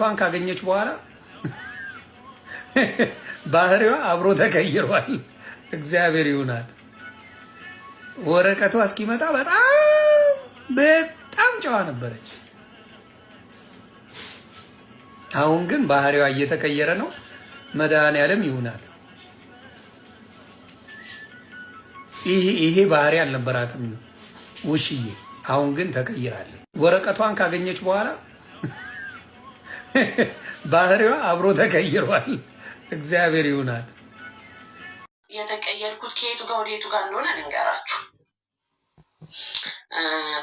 ቷን ካገኘች በኋላ ባህሪዋ አብሮ ተቀይሯል። እግዚአብሔር ይሁናት። ወረቀቷ እስኪመጣ በጣም በጣም ጨዋ ነበረች። አሁን ግን ባህሪዋ እየተቀየረ ነው። ያለም ይሁናት። ይሄ ባህሪ አልነበራትም ውሽዬ። አሁን ግን ተቀይራለች። ወረቀቷን ካገኘች በኋላ ባህሪዋ አብሮ ተቀይሯል። እግዚአብሔር ይሁናት። የተቀየርኩት ከየቱ ጋር ወደየቱ ጋር እንደሆነ ልንገራችሁ።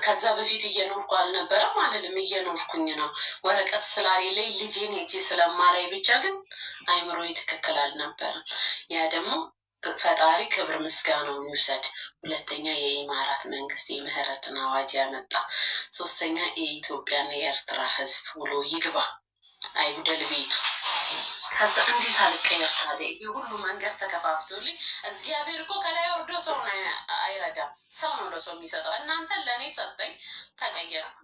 ከዛ በፊት እየኖርኩ አልነበረም አልልም፣ እየኖርኩኝ ነው። ወረቀት ስላሌለኝ ልጄን ሄጄ ስለማላይ ብቻ ግን አይምሮ ትክክል አልነበረም። ያ ደግሞ ፈጣሪ ክብር ምስጋናውን ይውሰድ። ሁለተኛ የኢማራት መንግስት የምህረትን አዋጅ ያመጣ፣ ሶስተኛ የኢትዮጵያና የኤርትራ ህዝብ ውሎ ይግባ። አይጉደል ቤቱ። ከዛ እንዴት አልቀየር ታዲያ? ይህ ሁሉ መንገድ ተከፋፍቶልኝ። እግዚአብሔር እኮ ከላይ ወርዶ ሰውን አይረዳም። ሰው ነው ለሰው የሚሰጠው። እናንተን ለእኔ ሰጠኝ፣ ተቀየርኩ።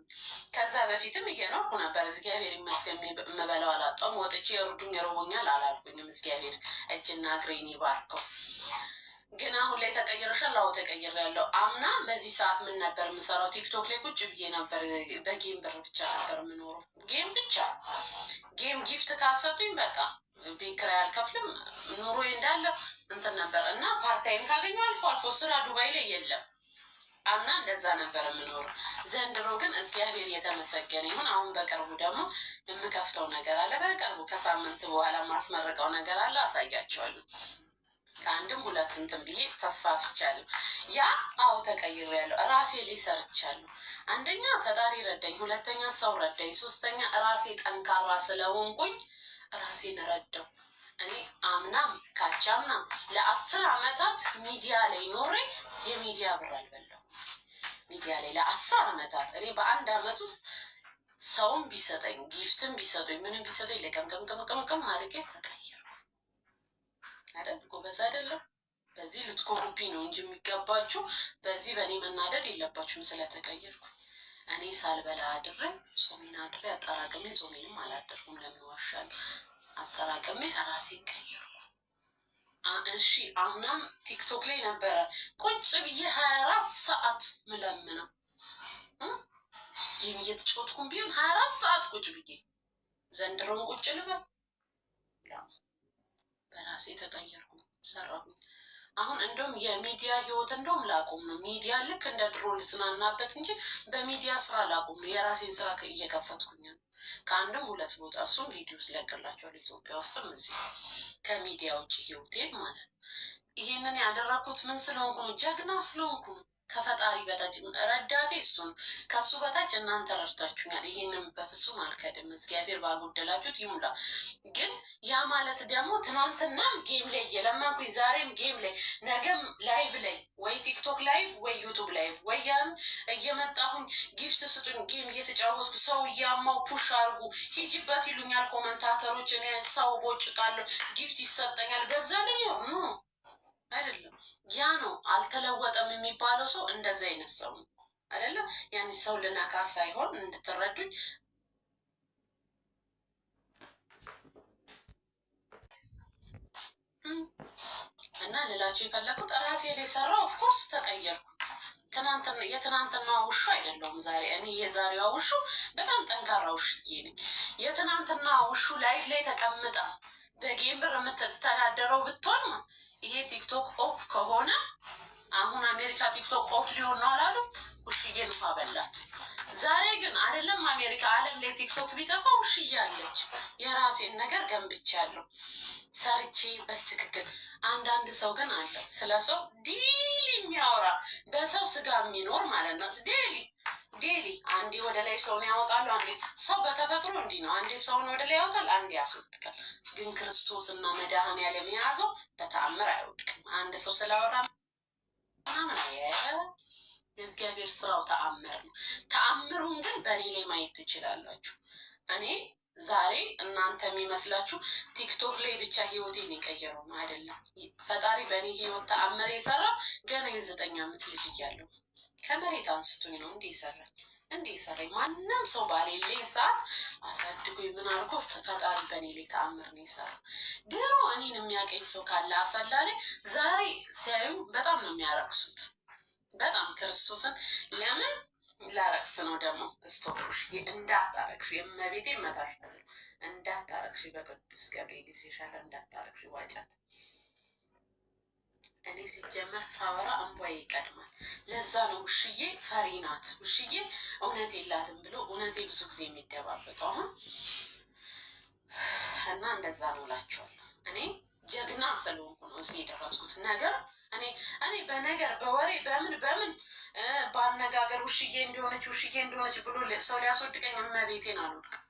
ከዛ በፊትም እየኖርኩ ነበር። እግዚአብሔር ይመስገን የምበላው አላጣሁም። ወጥቼ የሩዱኝ እርቦኛል አላልኩኝም። እግዚአብሔር እጅና እግሬን ይባርከው። ግን አሁን ላይ ተቀይረሻል? አዎ ተቀይር ያለው አምና በዚህ ሰዓት ምን ነበር የምሰራው? ቲክቶክ ላይ ቁጭ ብዬ ነበር። በጌም ብር ብቻ ነበር የምኖረው። ጌም ብቻ ጌም። ጊፍት ካልሰጡኝ በቃ ቤክራ ያልከፍልም አልከፍልም። ኑሮ እንዳለ እንትን ነበር እና ፓርታይም ካገኘ አልፎ አልፎ ስራ ዱባይ ላይ የለም። አምና እንደዛ ነበር የምኖር። ዘንድሮ ግን እግዚአብሔር እየተመሰገነ ይሁን። አሁን በቅርቡ ደግሞ የምከፍተው ነገር አለ። በቅርቡ ከሳምንት በኋላ የማስመረቀው ነገር አለ። አሳያቸዋለሁ። አንድም ሁለት እንትን ብዬ ፍቻለሁ። ያ አዎ ተቀይሬያለሁ። ራሴ ላይ ሰርቻለሁ። አንደኛ ፈጣሪ ረዳኝ፣ ሁለተኛ ሰው ረዳኝ፣ ሶስተኛ ራሴ ጠንካራ ስለሆንኩኝ ራሴን ረዳው። እኔ አምናም ካቻምና ለአስር አመታት ሚዲያ ላይ ኖሬ የሚዲያ ብር አልበላሁ። ሚዲያ ላይ ለአስር አመታት እኔ በአንድ አመት ውስጥ ሰውም ቢሰጠኝ ጊፍትም ቢሰጠኝ ምንም ቢሰጠኝ ለቀምቀምቀምቀም ማለቄ ተቀ አይደል? ጎበዝ አይደለም። በዚህ ልትኮሩብኝ ነው እንጂ የሚገባችሁ በዚህ በእኔ መናደድ የለባችሁም። ስለተቀየርኩ እኔ ሳልበላ አድሬ ጾሜን አድሬ አጠራቅሜ ጾሜንም አላደርኩም። ለምን ዋሻለሁ? አጠራቅሜ ራሴ ቀየርኩ። እሺ አምናም ቲክቶክ ላይ ነበረ ቁጭ ብዬ ሀያ አራት ሰዓት ምለምነው ጌም እየተጫወትኩም ቢሆን ሀያ አራት ሰዓት ቁጭ ብዬ ዘንድሮን ቁጭ ልበል ራሴ ተቀየርኩ ሰራሁኝ። አሁን እንደውም የሚዲያ ህይወት እንደውም ላቁም ነው። ሚዲያ ልክ እንደ ድሮ ልዝናናበት እንጂ በሚዲያ ስራ ላቁም ነው። የራሴን ስራ እየከፈትኩኝ ነው። ከአንድም ሁለት ቦታ እሱም ቪዲዮ ስለቅላቸዋል ኢትዮጵያ ውስጥም እዚህ ከሚዲያ ውጭ ህይወቴን ማለት ነው። ይሄንን ያደረኩት ምን ስለሆንኩ ነው? ጀግና ስለሆንኩ ነው። ከፈጣሪ በታች ረዳቴ እሱ ነው። ከሱ በታች እናንተ ረድታችሁኛል። ይህንም በፍጹም አልከድም። እግዚአብሔር ባልጎደላችሁት ይሙላ። ግን ያ ማለት ደግሞ ትናንትናም ጌም ላይ እየለመንኩኝ ዛሬም ጌም ላይ ነገም ላይቭ ላይ ወይ ቲክቶክ ላይቭ ወይ ዩቱብ ላይቭ ወይ ያም እየመጣሁኝ ጊፍት ስጡኝ፣ ጌም እየተጫወትኩ ሰው እያማው ፑሽ አርጉ ሂጅበት ይሉኛል ኮመንታተሮች። እኔ ሰው ቦጭቃለሁ፣ ጊፍት ይሰጠኛል። በዛ ደግሞ አይደለም። ያ ነው አልተለወጠም የሚባለው ሰው እንደዚህ አይነት ሰው ነው አይደለም። ያን ሰው ልነካ ሳይሆን እንድትረዱኝ እና ልላችሁ የፈለኩት ራሴ ላይ ሰራው። ኦፍኮርስ ተቀየርኩ። የትናንትና ውሹ አይደለሁም ዛሬ። እኔ የዛሬዋ ውሹ በጣም ጠንካራ ውሽዬ ነኝ። የትናንትና ውሹ ላይ ላይ ተቀምጣ በጌም ብር የምትተዳደረው ብትሆን ይሄ ቲክቶክ ኦፍ ከሆነ አሁን አሜሪካ ቲክቶክ ኦፍ ሊሆን ነው አላሉ። ውሽዬ ነው በላት። ዛሬ ግን አይደለም አሜሪካ አለም ላይ ቲክቶክ ቢጠፋ ውሽዬ አለች። የራሴን ነገር ገንብቻለሁ ሰርቼ በስትክክል። አንዳንድ ሰው ግን አለ ስለ ሰው ዲል የሚያወራ በሰው ስጋ የሚኖር ማለት ነው ዴሊ ዴሊ አንዴ ወደ ላይ ሰውን ያወጣሉ። አንዴ ሰው በተፈጥሮ እንዲህ ነው። አንዴ ሰውን ወደ ላይ ያወጣል፣ አንዴ ያስወድቃል። ግን ክርስቶስና መድኃኔዓለም የያዘው በተአምር አይወድቅም። አንድ ሰው ስላወራ ምናምን የእግዚአብሔር ስራው ተአምር ነው። ተአምሩን ግን በእኔ ላይ ማየት ትችላላችሁ። እኔ ዛሬ እናንተ የሚመስላችሁ ቲክቶክ ላይ ብቻ ህይወቴን የቀየረው አይደለም። ፈጣሪ በእኔ ህይወት ተአምር የሰራው ገና የዘጠኝ ዓመት ልጅ እያለሁ ከመሬት አንስቶኝ ነው እንዲህ ይሰራኝ እንዲህ ይሰራኝ። ማንም ሰው ባሌለኝ ሰዓት አሳድጎ ምን አድርጎ ፈጣሪ በእኔ ላይ ተአምር ነው ይሰራ። ድሮ እኔን የሚያቀኝ ሰው ካለ አሳዳሪ ዛሬ ሲያዩ በጣም ነው የሚያረቅሱት። በጣም ክርስቶስን ለምን ላረቅስ ነው ደግሞ ስቶሽ እንዳታረቅሽ፣ የመቤቴ መታሽ እንዳታረቅሽ፣ በቅዱስ ገብርኤል ይሻለ እንዳታረቅሽ ዋጫት እኔ ሲጀመር ሳወራ እንቧዬ ይቀድማል። ለዛ ነው ውሽዬ ፈሪ ናት፣ ውሽዬ እውነት የላትም ብሎ እውነቴ ብዙ ጊዜ የሚደባበቀው አሁን እና እንደዛ ነው እላቸዋለሁ። እኔ ጀግና ስለሆንኩ ነው እዚህ የደረስኩት። ነገር እኔ እኔ በነገር በወሬ በምን በምን በአነጋገር ውሽዬ እንደሆነች ውሽዬ እንደሆነች ብሎ ሰው ሊያስወድቀኝ እመቤቴን አልወድቅም፣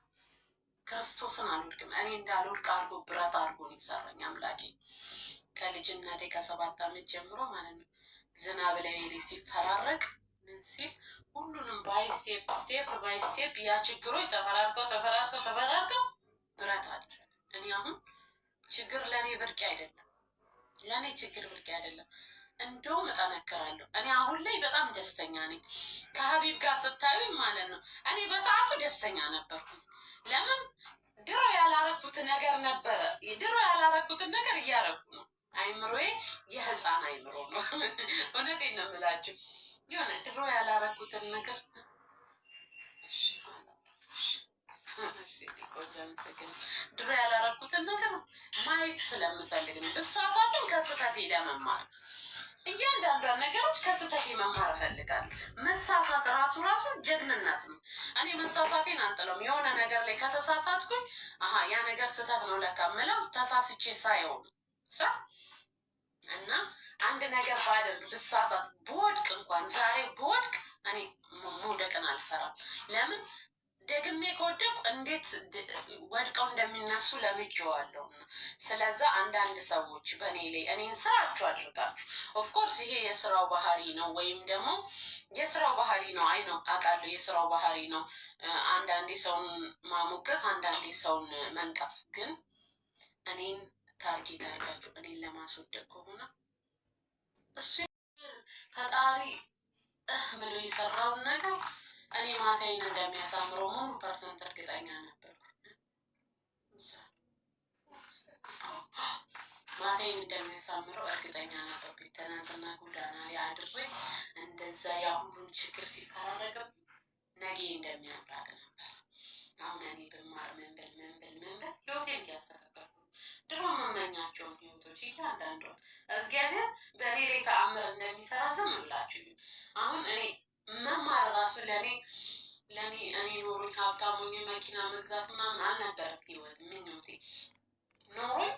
ክርስቶስን አልወድቅም። እኔ እንዳልወድቅ አድርጎ ብረት አድርጎ ነው ይሰራኝ አምላኬ ከልጅነቴ ከሰባት ዓመት ጀምሮ ማለት ነው ዝናብ ላይ ሲፈራረቅ ምን ሲል ሁሉንም ባይ ስቴፕ ስቴፕ ባይ ስቴፕ ያ ችግሮች ተፈራርቀው ተፈራርቀው ተፈራርቀው ብረት አለ። እኔ አሁን ችግር ለእኔ ብርቅ አይደለም፣ ለእኔ ችግር ብርቅ አይደለም። እንደውም እጠነክራለሁ። እኔ አሁን ላይ በጣም ደስተኛ ነኝ። ከሀቢብ ጋር ስታዩኝ ማለት ነው እኔ በሰዓቱ ደስተኛ ነበርኩኝ። ለምን ድሮ ያላረኩት ነገር ነበረ። ድሮ ያላረኩትን ነገር እያረኩ ነው። አይምሮዬ የህፃን አይምሮ ነው። እውነቴን ነው የምላችሁ የሆነ ድሮ ያላረኩትን ነገር ድሮ ያላረኩትን ነገር ማየት ስለምፈልግ ነው። ብሳሳትን ከስህተቴ ለመማር እያንዳንዷን ነገሮች ከስህተቴ መማር እፈልጋለሁ። መሳሳት ራሱ ራሱ ጀግንነት ነው። እኔ መሳሳቴን አንጥለውም። የሆነ ነገር ላይ ከተሳሳትኩኝ አሀ ያ ነገር ስህተት ነው ለካ ምለው ተሳስቼ ሳይሆን ሳ አንድ ነገር ባደርግ ብሳሳት፣ በወድቅ እንኳን ዛሬ ብወድቅ እኔ መውደቅን አልፈራም። ለምን ደግሜ ከወደቁ እንዴት ወድቀው እንደሚነሱ ለምጄዋለሁ። ስለዛ አንዳንድ ሰዎች በእኔ ላይ እኔን ስራችሁ አድርጋችሁ ኦፍኮርስ ይሄ የስራው ባህሪ ነው፣ ወይም ደግሞ የስራው ባህሪ ነው። አይ ነው አውቃለሁ፣ የስራው ባህሪ ነው። አንዳንዴ ሰውን ማሞገስ፣ አንዳንዴ ሰውን መንቀፍ። ግን እኔን ታርጌት አድርጋችሁ እኔን ለማስወደቅ ከሆነ እሱ ፈጣሪ ብሎ የሰራውን ነገር እኔ ማታዬን እንደሚያሳምረው ሙሉ ፐርሰንት እርግጠኛ ነበር። ማታዬን እንደሚያሳምረው እርግጠኛ ነበር። ትናንትና ጎዳና ላይ አድሬ እንደዛ የአሁኑ ችግር ሲፈራረቅም ነገ እንደሚያምራቅ ነበር። አሁን እኔ ብማር መንበል መንበል መንበል ህይወቴን እያስተካከልኩ ድሮ መመኛቸውን ህይወቶች እያንዳንዷን እግዚአብሔር ተአምር እንደሚሰራ ዝም ብላችሁ አሁን እኔ መማር ራሱ ለእኔ ለእኔ እኔ ኖሮኝ ሀብታሙኝ መኪና መግዛት ምናምን አልነበረም ህይወት ምኞቴ። ኖሮኝ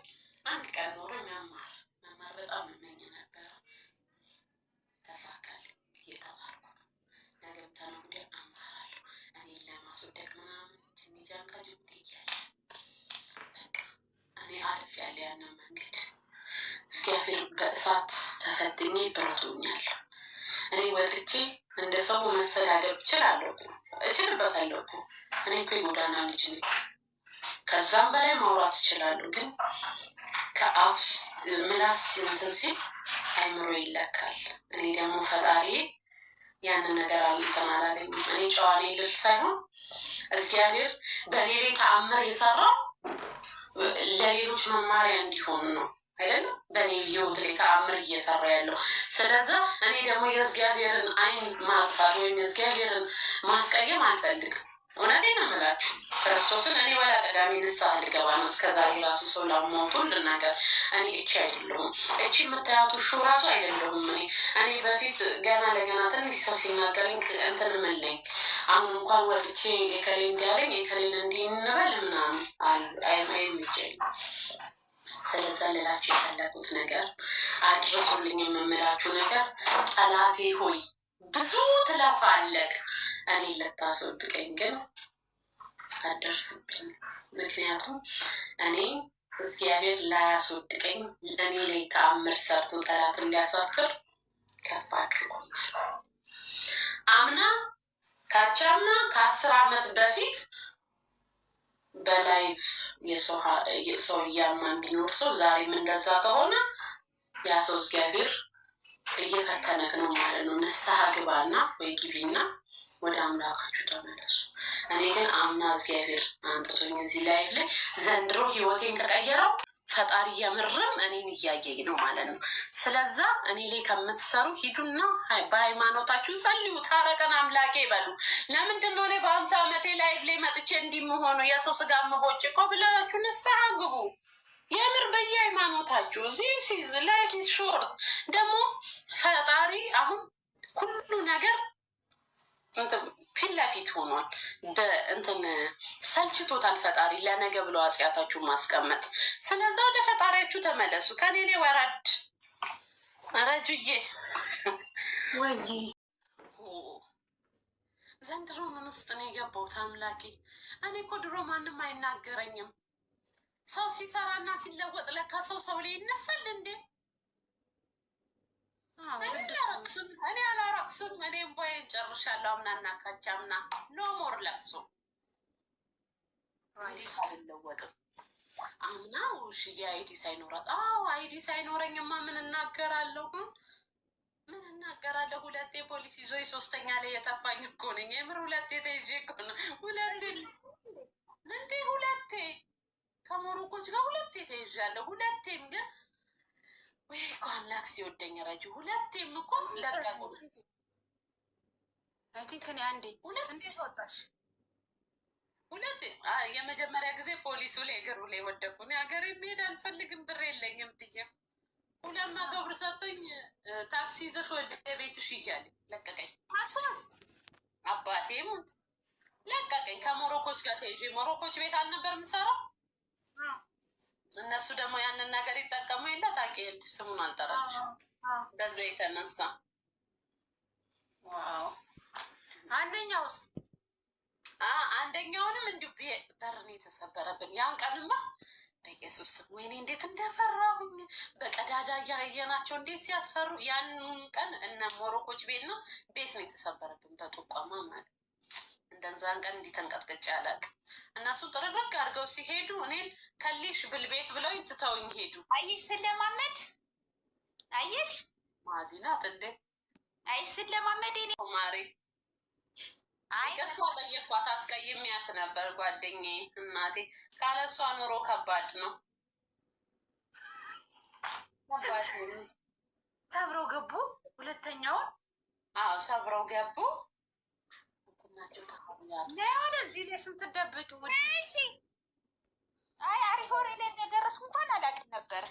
አንድ ቀን ኖሮኝ መማር መማር በጣም እመኝ ነበረ። ተሳካል እየተማርኩ ነው። ነገም ተነገወዲያ እማራለሁ። እኔ ለማስወደቅ ምናምን ትንጃን ከጅቡቲ እያለ በቃ እኔ አርፍ ያለ ያንን መንገድ እስኪያፌ በእሳት ተፈትኜ ብራቶኛል። እኔ ወጥቼ እንደ ሰው መሰዳደብ እችላለሁ እችልበታለሁ። እኔ እኮ የጎዳና ልጅ ነኝ። ከዛም በላይ ማውራት እችላለሁ። ግን ከአፍ ምላስ እንትን ሲል አይምሮ ይለካል። እኔ ደግሞ ፈጣሪ ያንን ነገር አልንትን አላለኝም። እኔ ጨዋ ነኝ ልል ሳይሆን እግዚአብሔር በሌሌ ተአምር የሰራው ለሌሎች መማሪያ እንዲሆን ነው። አይደለ? በእኔ ህይወት ላይ ተአምር እየሰራ ያለው። ስለዛ እኔ ደግሞ የእግዚአብሔርን አይን ማጥፋት ወይም የእግዚአብሔርን ማስቀየም አልፈልግም። እውነቴን ነው የምላችሁ ክርስቶስን እኔ ወላ ጠቃሚ ንስሐ ልገባ ነው። እስከዛ ራሱ ሰው ላሞቱ ልናገር እኔ እቺ አይደለሁም። እቺ የምታያቱ ሹ ራሱ አይደለሁም። እኔ እኔ በፊት ገና ለገና ትንሽ ሰው ሲናገረኝ እንትን ምለኝ አሁን እንኳን ወጥቼ የከሌ እንዲያለኝ የከሌን እንዲንበል እንበል ምናምን አይመቸኝ ስለዛ የፈለጉት ነገር አድርሱልኝ የምምላችሁ ነገር ጠላቴ ሆይ ብዙ ትለፋለህ፣ እኔ ልታስወድቀኝ ግን አደርስብኝ። ምክንያቱም እኔ እግዚአብሔር ላያስወድቀኝ እኔ ላይ ተአምር ሰርቶ ጠላት እንዲያሳፍር ከፍ አድርጎኛል። አምና ካቻምና ከአስር አመት በፊት በላይቭ ሰው እያማ የሚኖር ሰው ዛሬም እንደዛ ከሆነ ያ ሰው እግዚአብሔር እየፈተነክ ነው ማለት ነው። ንስሐ ግባና ወይ ግቢና ወደ አምላካችሁ ተመለሱ። እኔ ግን አምና እግዚአብሔር አንጥቶኝ እዚህ ላይ ላይ ዘንድሮ ህይወቴን ከቀየረው ፈጣሪ የምርም እኔን እያየኝ ነው ማለት ነው። ስለዛ እኔ ላይ ከምትሰሩ ሂዱና በሃይማኖታችሁ ጸልዩ። ታረቀን አምላኬ ይበሉ። ለምንድን ነው እኔ በሀምሳ ዓመቴ ላይ ላይ መጥቼ እንዲምሆኑ የሰው ስጋ ምቦጭ እኮ ብላችሁ ንስሐ ግቡ። የምር በየሃይማኖታችሁ ዚስ ኢዝ ላይፍ ኢዝ ሾርት ደግሞ ፈጣሪ አሁን ሁሉ ነገር ፊት ለፊት ሆኗል። በእንትን ሰልችቶታል ፈጣሪ ለነገ ብሎ አጽያታችሁን ማስቀመጥ። ስለዛ ወደ ፈጣሪያችሁ ተመለሱ። ከኔኔ ወራድ ረጁዬ ወይ ዘንድሮ ምን ውስጥ ነው የገባሁት? አምላኬ እኔ እኮ ድሮ ማንም አይናገረኝም። ሰው ሲሰራና ሲለወጥ ለካ ሰው ሰው ላይ ይነሳል እንዴ እኔ አላረቅሱም። እኔ እምባዬን ጨርሻለሁ። አምና እና ካቻምና ኖ ሞር ለቅሶ አምና ውሽዬ አይዲ ሳይኖራት አዎ፣ አይዲ ሳይኖረኝማ ምን እናገራለሁ? ምን እናገራለሁ? ሁለቴ ፖሊስ ይዞ ሶስተኛ ላይ የተፋኝ እኮ ነኝ። የምር ሁለቴ ተይዤ እኮ ነው። ሁለቴ እንዴ፣ ሁለቴ ከሞሮኮች ጋር ሁለቴ ተይዣለሁ። ሁለቴም ግን ወይ እኮ አምላክ ሲወደኝ ረጅ ሁለቴም እኮ ለቀቁ። አይ ቲንክ እኔ አንዴ ሁለት እንዴት ወጣሽ? የመጀመሪያ ጊዜ ፖሊሱ ላይ እግሩ ላይ እኔ ሀገር የሚሄድ አልፈልግም ብር የለኝም ብዬ ሁለት መቶ ብር ሰጥቶኝ ታክሲ ይዘሽ ወደ ቤትሽ ለቀቀኝ። አባቴ ሙት ለቀቀኝ። ከሞሮኮች ጋር ተይዤ ሞሮኮች ቤት አልነበር የምሰራው እነሱ ደግሞ ያንን ነገር ይጠቀሙ የለ ታውቂያለሽ። ስሙን አልጠራችም። በዛ የተነሳ አንደኛውስ አንደኛውንም እንዲሁ በርን የተሰበረብን ያን ቀንማ በኢየሱስ ወይኔ እንዴት እንደፈራሁኝ በቀዳዳ እያየናቸው እንዴት ሲያስፈሩ። ያንን ቀን እነ ሞሮኮች ቤት ነው ቤት ነው የተሰበረብን በጥቋማ ማለት እንደዛን ቀን እንዲተንቀጥቅጭ አላውቅም። እነሱ ጥርቅቅ አድርገው ሲሄዱ እኔን ከሊሽ ብልቤት ብለው ትተውኝ ሄዱ። አየሽ ስለማመድ አየሽ ማዚ ናት እንዴ አየሽ ስለማመድ ኔ ማሬ ይቅርታ ጠየኳት። አስቀይሜያት ነበር ጓደኛዬ። እናቴ ካለሷ ኑሮ ከባድ ነው። ሰብረው ገቡ። ሁለተኛውን አዎ ሰብረው ገቡ። ወደዚህ ስንት እሺ አይ አሪፍ ወሬ ላይ እንደደረስኩ እንኳን አላውቅም ነበር።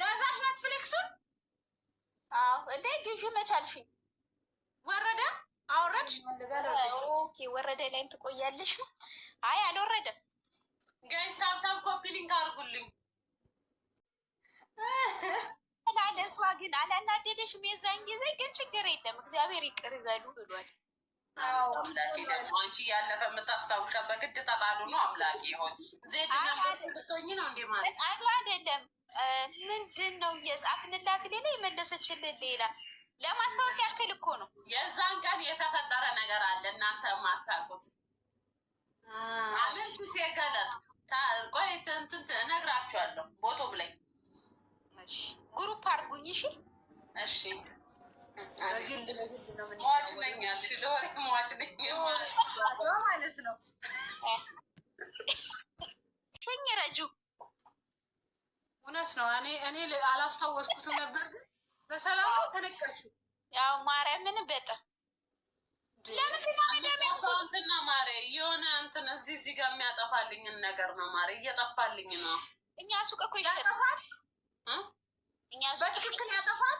ገዛሽ ኔትፍሊክሱን? አዎ እንዴ ግዢ መቻልሽ ወረደ አውረድ። ኦኬ ወረደ ላይም ትቆያለሽ። አይ አልወረደም። ጋይስ ታብታብ ኮፒ ሊንክ አድርጉልኝ። ይላል። እሷ ግን አላናደደሽም? የዛን ጊዜ ግን ችግር የለም እግዚአብሔር ይቅር ይበሉ ብሏል። አንቺ ያለፈ የምታስታውሻ በግድ ተጣሉ ነው አምላኬ ሆይ ዜድናቶኝ ነው እንዴ ማለት ጣሉ አይደለም። ምንድን ነው የጻፍንላት ሌላ የመለሰችልን ሌላ ለማስታወስ ያክል እኮ ነው። የዛን ቀን የተፈጠረ ነገር አለ እናንተ ማታቁት አምን ትቼ ገለጥ ቆይ እንትን እነግራችኋለሁ ቦቶም ላይ ግሩፕ አርጉኝ እሺ፣ እሺ። እውነት ነው። እኔ እኔ አላስታወስኩትም ነበር፣ ግን በሰላም ነው ተነቀልሽው። ያው ማርያምን በጣም ማሬ የሆነ እንትን እዚህ እዚህ ጋር የሚያጠፋልኝን ነገር ነው ማሬ፣ እየጠፋልኝ ነው። እኛ ሱቅ እኮ ይሸጣል በትክክል ያጠፋል።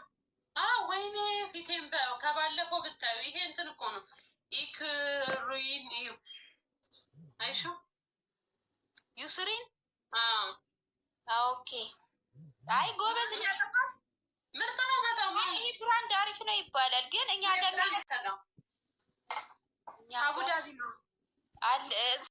ወይኔ ፊቴን ከባለፈው ብታዩ ይሄ እንትን እኮ ነው። ኢክሩይን እዩ አይሹ ዩስሪን ኦኬ። አይ ጎበዝ ምርጥ ነው በጣም ይህ ብራንድ አሪፍ ነው ይባላል። ግን እኛ ገ አቡዳቢ ነው